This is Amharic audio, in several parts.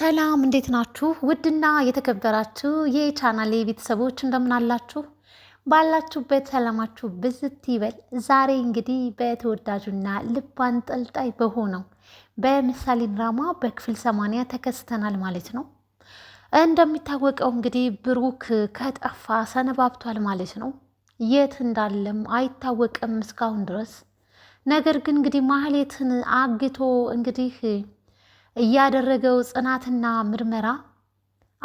ሰላም እንዴት ናችሁ? ውድና የተከበራችሁ የቻናሌ ቤተሰቦች እንደምናላችሁ ባላችሁበት ሰላማችሁ ብዝት ይበል። ዛሬ እንግዲህ በተወዳጁና ልብ አንጠልጣይ በሆነው በምሳሌ ድራማ በክፍል ሰማንያ ተከስተናል ማለት ነው። እንደሚታወቀው እንግዲህ ብሩክ ከጠፋ ሰነባብቷል ማለት ነው። የት እንዳለም አይታወቅም እስካሁን ድረስ ነገር ግን እንግዲህ ማህሌትን አግቶ እንግዲህ እያደረገው ጽናትና ምርመራ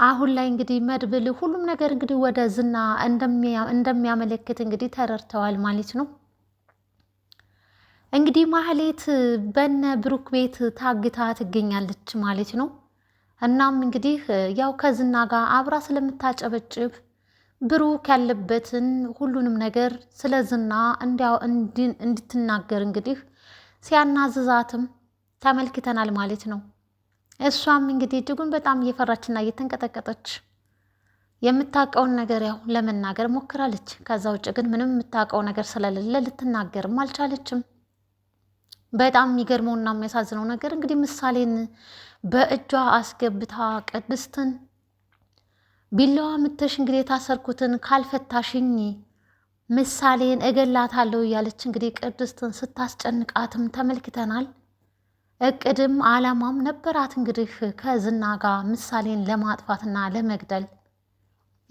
አሁን ላይ እንግዲህ መድብል ሁሉም ነገር እንግዲህ ወደ ዝና እንደሚያመለክት እንግዲህ ተረድተዋል ማለት ነው። እንግዲህ ማህሌት በነ ብሩክ ቤት ታግታ ትገኛለች ማለት ነው። እናም እንግዲህ ያው ከዝና ጋር አብራ ስለምታጨበጭብ ብሩክ ያለበትን ሁሉንም ነገር ስለ ዝና እንድትናገር እንግዲህ ሲያናዝዛትም ተመልክተናል ማለት ነው። እሷም እንግዲህ እጅጉን በጣም እየፈራችና እየተንቀጠቀጠች የምታውቀውን ነገር ያው ለመናገር ሞክራለች። ከዛ ውጭ ግን ምንም የምታውቀው ነገር ስለሌለ ልትናገርም አልቻለችም። በጣም የሚገርመውና የሚያሳዝነው ነገር እንግዲህ ምሳሌን በእጇ አስገብታ ቅድስትን ቢላዋ ምተሽ እንግዲህ የታሰርኩትን ካልፈታሽኝ ምሳሌን እገላታለሁ እያለች እንግዲህ ቅድስትን ስታስጨንቃትም ተመልክተናል። እቅድም አላማም ነበራት እንግዲህ ከዝና ጋር ምሳሌን ለማጥፋትና ለመግደል።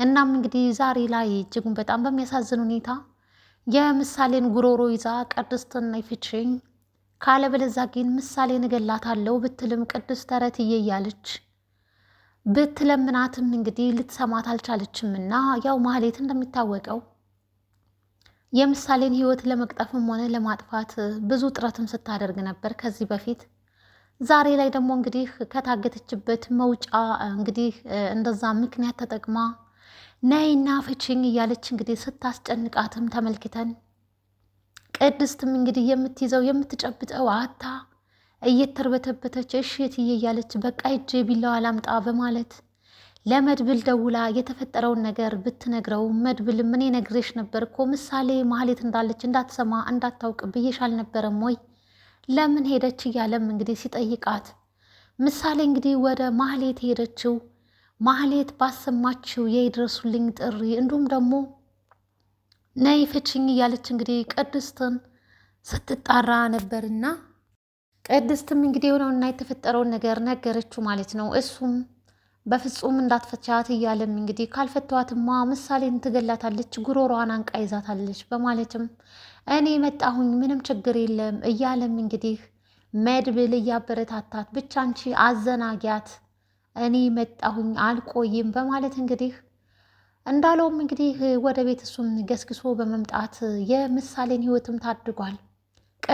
እናም እንግዲህ ዛሬ ላይ እጅጉን በጣም በሚያሳዝን ሁኔታ የምሳሌን ጉሮሮ ይዛ ቅድስትን ይፍችኝ፣ ካለበለዚያ ግን ምሳሌን እገላታለሁ ብትልም ቅድስት ተረትዬ እያለች ብትለምናትም እንግዲህ ልትሰማት አልቻለችም። እና ያው ማህሌት እንደሚታወቀው የምሳሌን ህይወት ለመቅጠፍም ሆነ ለማጥፋት ብዙ ጥረትም ስታደርግ ነበር ከዚህ በፊት ዛሬ ላይ ደግሞ እንግዲህ ከታገተችበት መውጫ እንግዲህ እንደዛ ምክንያት ተጠቅማ ነይና ፍቺኝ እያለች እንግዲህ ስታስጨንቃትም ተመልክተን ቅድስትም እንግዲህ የምትይዘው የምትጨብጠው አታ እየተርበተበተች እሺ እትዬ እያለች በቃ እጄ ቢላዋ ላምጣ በማለት ለመድብል ደውላ የተፈጠረውን ነገር ብትነግረው መድብል ምን ነግሬሽ ነበር እኮ ምሳሌ ማህሌት እንዳለች እንዳትሰማ እንዳታውቅ ብዬሽ አልነበረም ወይ ለምን ሄደች እያለም እንግዲህ ሲጠይቃት ምሳሌ እንግዲህ ወደ ማህሌት ሄደችው። ማህሌት ባሰማችው የይድረሱልኝ ጥሪ እንዲሁም ደግሞ ነይ ፍችኝ እያለች እንግዲህ ቅድስትን ስትጣራ ነበርና ቅድስትም እንግዲህ የሆነውና የተፈጠረውን ነገር ነገረችው ማለት ነው እሱም በፍጹም እንዳትፈቻት እያለም እንግዲህ ካልፈቷትማ ምሳሌን ትገላታለች፣ ጉሮሯን አንቃ ይዛታለች በማለትም እኔ መጣሁኝ ምንም ችግር የለም እያለም እንግዲህ መድብል እያበረታታት ብቻ አንቺ አዘናጊያት እኔ መጣሁኝ አልቆይም በማለት እንግዲህ እንዳለውም እንግዲህ ወደ ቤት እሱም ገስግሶ በመምጣት የምሳሌን ህይወትም ታድጓል።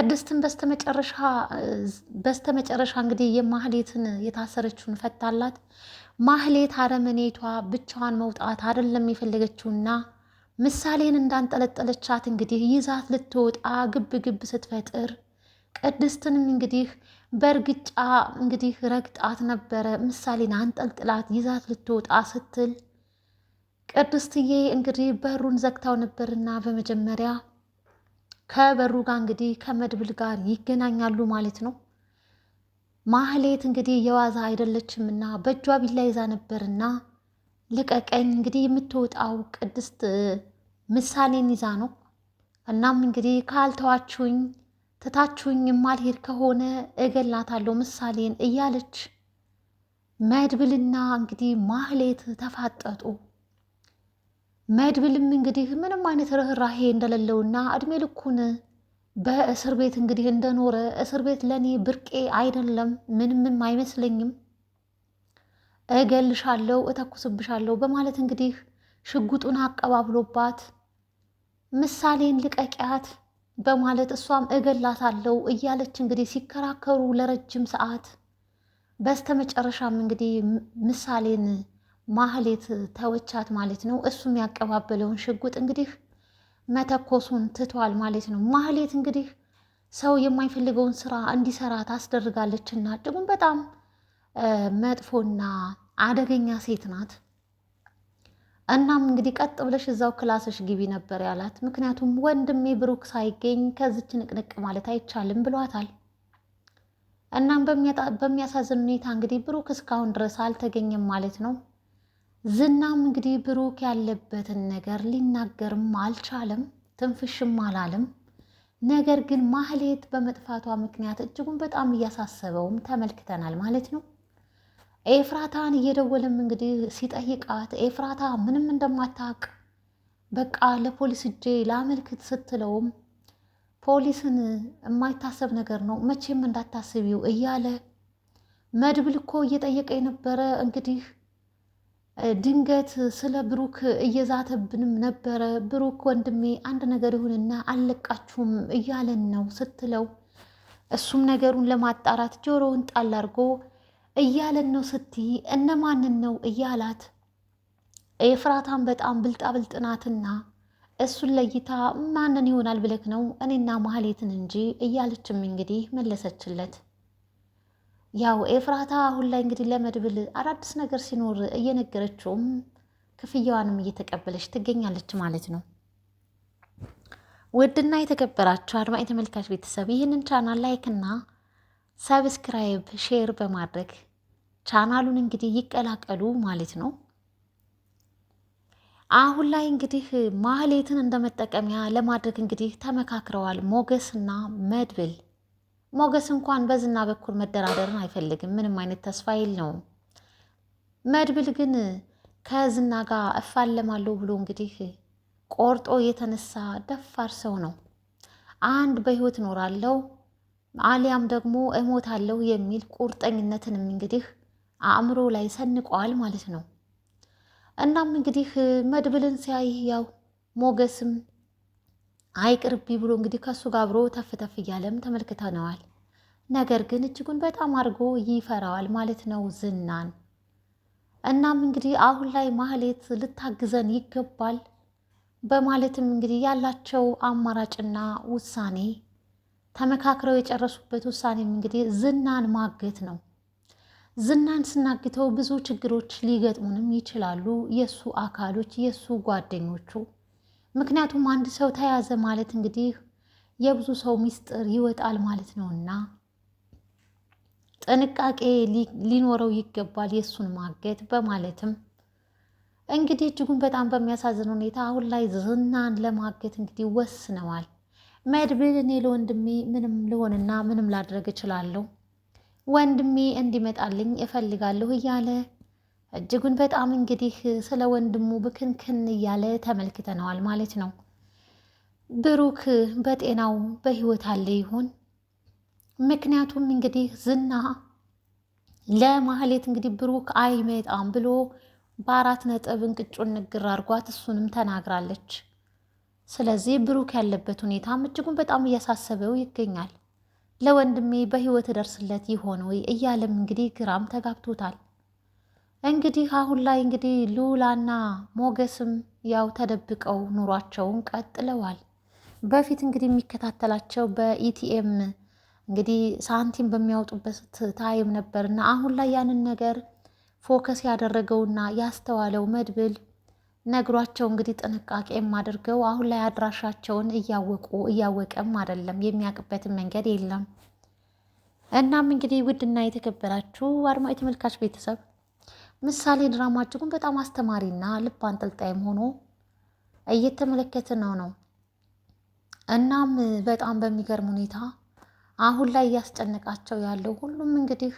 ቅድስትን በስተመጨረሻ በስተመጨረሻ እንግዲህ የማህሌትን የታሰረችውን ፈታላት። ማህሌት አረመኔቷ ብቻዋን መውጣት አይደለም የፈለገችውና ምሳሌን እንዳንጠለጠለቻት እንግዲህ ይዛት ልትወጣ ግብ ግብ ስትፈጥር ቅድስትንም እንግዲህ በእርግጫ እንግዲህ ረግጣት ነበረ። ምሳሌን አንጠልጥላት ይዛት ልትወጣ ስትል ቅድስትዬ እንግዲህ በሩን ዘግታው ነበርና በመጀመሪያ ከበሩ ጋር እንግዲህ ከመድብል ጋር ይገናኛሉ ማለት ነው። ማህሌት እንግዲህ የዋዛ አይደለችም እና በእጇ ቢላ ይዛ ነበርና ልቀቀኝ እንግዲህ የምትወጣው ቅድስት ምሳሌን ይዛ ነው። እናም እንግዲህ ካልተዋችሁኝ ትታችሁኝ የማልሄድ ከሆነ እገላታለሁ ምሳሌን እያለች መድብልና እንግዲህ ማህሌት ተፋጠጡ። መድብልም እንግዲህ ምንም አይነት ርኅራሄ እንደሌለውና እድሜ ልኩን በእስር ቤት እንግዲህ እንደኖረ እስር ቤት ለእኔ ብርቄ አይደለም፣ ምንምም አይመስለኝም፣ እገልሻለሁ፣ እተኩስብሻለሁ በማለት እንግዲህ ሽጉጡን አቀባብሎባት ምሳሌን ልቀቂያት በማለት እሷም እገላታለሁ እያለች እንግዲህ ሲከራከሩ ለረጅም ሰዓት በስተመጨረሻም እንግዲህ ምሳሌን ማህሌት ተወቻት ማለት ነው። እሱም ያቀባበለውን ሽጉጥ እንግዲህ መተኮሱን ትቷል ማለት ነው። ማህሌት እንግዲህ ሰው የማይፈልገውን ስራ እንዲሰራ ታስደርጋለች እና እጅጉን በጣም መጥፎና አደገኛ ሴት ናት። እናም እንግዲህ ቀጥ ብለሽ እዛው ክላስሽ ግቢ ነበር ያላት። ምክንያቱም ወንድሜ ብሩክ ሳይገኝ ከዚች ንቅንቅ ማለት አይቻልም ብሏታል። እናም በሚያሳዝን ሁኔታ እንግዲህ ብሩክ እስካሁን ድረስ አልተገኘም ማለት ነው። ዝናም እንግዲህ ብሩክ ያለበትን ነገር ሊናገርም አልቻለም፣ ትንፍሽም አላለም። ነገር ግን ማህሌት በመጥፋቷ ምክንያት እጅጉን በጣም እያሳሰበውም ተመልክተናል ማለት ነው። ኤፍራታን እየደወለም እንግዲህ ሲጠይቃት ኤፍራታ ምንም እንደማታውቅ በቃ ለፖሊስ እጄ ላመልክት ስትለውም ፖሊስን የማይታሰብ ነገር ነው መቼም እንዳታስቢው እያለ መድብል እኮ እየጠየቀ የነበረ እንግዲህ ድንገት ስለ ብሩክ እየዛተብንም ነበረ። ብሩክ ወንድሜ አንድ ነገር ይሁንና አልለቃችሁም እያለን ነው ስትለው፣ እሱም ነገሩን ለማጣራት ጆሮውን ጣል አድርጎ እያለን ነው ስትይ እነማንን ነው እያላት፣ የፍራታን በጣም ብልጣ ናትና እሱን ለይታ ማንን ይሆናል ብለክ ነው እኔና ማህሌትን እንጂ እያለችም እንግዲህ መለሰችለት። ያው ኤፍራታ አሁን ላይ እንግዲህ ለመድብል አዳዲስ ነገር ሲኖር እየነገረችውም ክፍያዋንም እየተቀበለች ትገኛለች ማለት ነው። ውድና የተከበራችሁ አድማጭ ተመልካች ቤተሰብ ይህንን ቻናል ላይክ እና ሰብስክራይብ፣ ሼር በማድረግ ቻናሉን እንግዲህ ይቀላቀሉ ማለት ነው። አሁን ላይ እንግዲህ ማህሌትን እንደመጠቀሚያ ለማድረግ እንግዲህ ተመካክረዋል ሞገስ ና መድብል ሞገስ እንኳን በዝና በኩል መደራደርን አይፈልግም። ምንም አይነት ተስፋ የለውም። መድብል ግን ከዝና ጋር እፋለማለሁ ብሎ እንግዲህ ቆርጦ የተነሳ ደፋር ሰው ነው። አንድ በህይወት እኖራለሁ አሊያም ደግሞ እሞታለሁ የሚል ቁርጠኝነትንም እንግዲህ አእምሮ ላይ ሰንቀዋል ማለት ነው። እናም እንግዲህ መድብልን ሲያይ ያው ሞገስም አይቅርቢ ብሎ እንግዲህ ከእሱ ጋር አብሮ ተፍተፍ እያለም ተመልክተነዋል። ነገር ግን እጅጉን በጣም አድርጎ ይፈራዋል ማለት ነው ዝናን። እናም እንግዲህ አሁን ላይ ማህሌት ልታግዘን ይገባል በማለትም እንግዲህ ያላቸው አማራጭና ውሳኔ ተመካክረው የጨረሱበት ውሳኔም እንግዲህ ዝናን ማገት ነው። ዝናን ስናግተው ብዙ ችግሮች ሊገጥሙንም ይችላሉ የእሱ አካሎች የእሱ ጓደኞቹ ምክንያቱም አንድ ሰው ተያዘ ማለት እንግዲህ የብዙ ሰው ሚስጥር ይወጣል ማለት ነው እና ጥንቃቄ ሊኖረው ይገባል የእሱን ማገት በማለትም እንግዲህ እጅጉን በጣም በሚያሳዝን ሁኔታ አሁን ላይ ዝናን ለማገት እንግዲህ ወስነዋል። መድብል እኔ ለወንድሜ ምንም ልሆንና ምንም ላድረግ እችላለሁ፣ ወንድሜ እንዲመጣልኝ እፈልጋለሁ እያለ እጅጉን በጣም እንግዲህ ስለ ወንድሙ ብክንክን እያለ ተመልክተነዋል ማለት ነው። ብሩክ በጤናው በህይወት አለ ይሆን? ምክንያቱም እንግዲህ ዝና ለማህሌት እንግዲህ ብሩክ አይመጣም ብሎ በአራት ነጥብ እንቅጩን ንግር አድርጓት እሱንም ተናግራለች። ስለዚህ ብሩክ ያለበት ሁኔታም እጅጉን በጣም እያሳሰበው ይገኛል። ለወንድሜ በህይወት ደርስለት ይሆን ወይ እያለም እንግዲህ ግራም ተጋብቶታል። እንግዲህ አሁን ላይ እንግዲህ ሉላና ሞገስም ያው ተደብቀው ኑሯቸውን ቀጥለዋል። በፊት እንግዲህ የሚከታተላቸው በኢቲኤም እንግዲህ ሳንቲም በሚያወጡበት ታይም ነበር እና አሁን ላይ ያንን ነገር ፎከስ ያደረገውና ያስተዋለው መድብል ነግሯቸው እንግዲህ ጥንቃቄም አድርገው አሁን ላይ አድራሻቸውን እያወቁ እያወቀም አይደለም የሚያውቅበትን መንገድ የለም። እናም እንግዲህ ውድና የተከበራችሁ አድማጭ ተመልካች ቤተሰብ ምሳሌ ድራማ እጅጉን በጣም አስተማሪና ልብ አንጠልጣይም ሆኖ እየተመለከት ነው ነው እናም በጣም በሚገርም ሁኔታ አሁን ላይ እያስጨነቃቸው ያለው ሁሉም እንግዲህ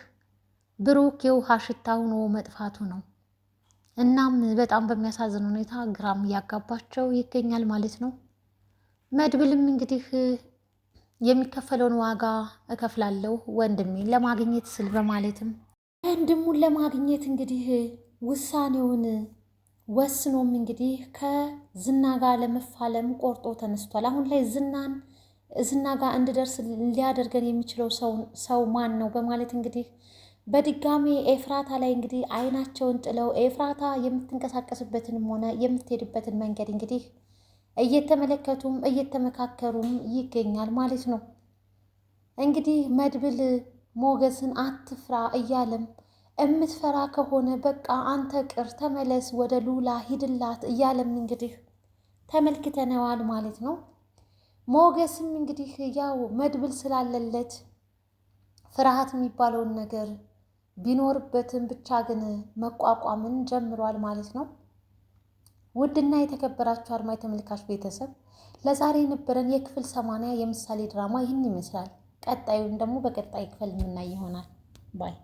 ብሩክ የውሃ ሽታ ሆኖ መጥፋቱ ነው። እናም በጣም በሚያሳዝን ሁኔታ ግራም እያጋባቸው ይገኛል ማለት ነው። መድብልም እንግዲህ የሚከፈለውን ዋጋ እከፍላለሁ ወንድሜ ለማግኘት ስል በማለትም ወንድሙን ለማግኘት እንግዲህ ውሳኔውን ወስኖም እንግዲህ ከዝና ጋር ለመፋለም ቆርጦ ተነስቷል። አሁን ላይ ዝናን ዝና ጋር እንድደርስ ሊያደርገን የሚችለው ሰው ማን ነው በማለት እንግዲህ በድጋሚ ኤፍራታ ላይ እንግዲህ አይናቸውን ጥለው ኤፍራታ የምትንቀሳቀስበትንም ሆነ የምትሄድበትን መንገድ እንግዲህ እየተመለከቱም እየተመካከሩም ይገኛል ማለት ነው እንግዲህ መድብል ሞገስን አትፍራ እያለም እምትፈራ ከሆነ በቃ አንተ ቅር ተመለስ፣ ወደ ሉላ ሂድላት እያለም እንግዲህ ተመልክተነዋል ማለት ነው። ሞገስም እንግዲህ ያው መድብል ስላለለት ፍርሃት የሚባለውን ነገር ቢኖርበትም ብቻ ግን መቋቋምን ጀምሯል ማለት ነው። ውድና የተከበራችሁ አድማጭ ተመልካች ቤተሰብ ለዛሬ የነበረን የክፍል ሰማንያ የምሳሌ ድራማ ይህን ይመስላል። ቀጣዩን ደግሞ በቀጣይ ክፍል የምናይ ይሆናል ባይ